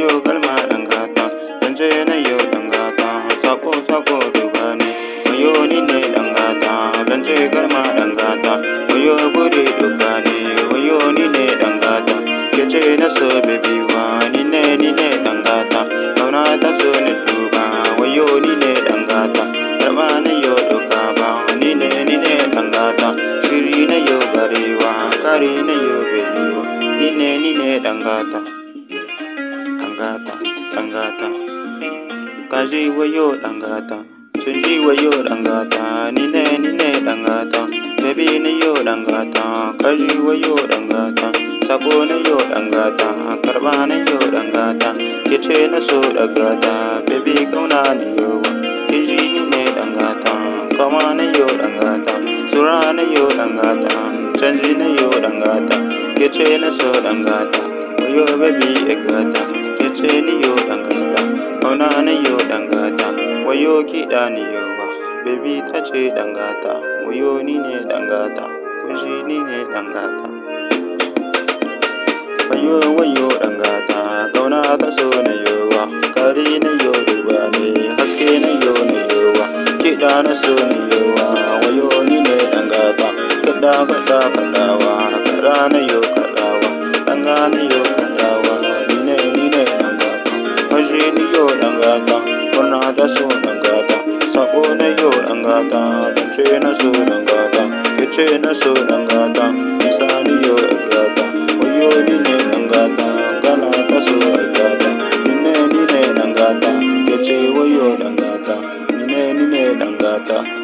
yo galma ɗan gata zance na yo ɗan gata sako sako duba ne wayo ni ne ɗan gata zance galma ɗan gata wayo bude duka ne wayo ni ne ɗan gata ke ce na so bebiwa ni ne ni ne ɗan gata kauna ta so ni duba wayo ni ne ɗan gata karɓa na yo duka ba ni ne ni ne ɗan gata shiri na yo barewa kare na yo bebiwa ni ne ni ne ɗan gata. ɗangata ɗangata ka ji wayo ɗangata sun ji wayo ɗangata ni ne ni baby ni yo ɗangata ka ji wayo ɗangata sabo na yo ɗangata karɓa na yo ɗangata ki na so ɗangata baby kauna ni yo ki ji ni ne ɗangata kama na yo ɗangata sura na yo ɗangata canji na yo ɗangata ki na so ɗangata yo baby ɗangata ce ni yo ɗan gata kauna ni yo ɗan wayo kiɗa ni yo ba baby ta ce dangata. gata wayo ni ne dangata. gata kunshi ni ne ɗan wayo wayo ɗan kauna ta so ni yo ba kari ni yo duba ne haske ni yo ni yo ba kiɗa na so ni yo ba wayo ni ne ɗan gata kaɗa kaɗa kaɗawa kaɗa ni yo kaɗawa ɗan gani da su dan gata sako na yau dan gata na su dan gata kice na su dan misali yau dan gata ni ne dan gata gana ta su dan ni ne ni ne dan gata kice wayo dan gata ni ne ni ne dan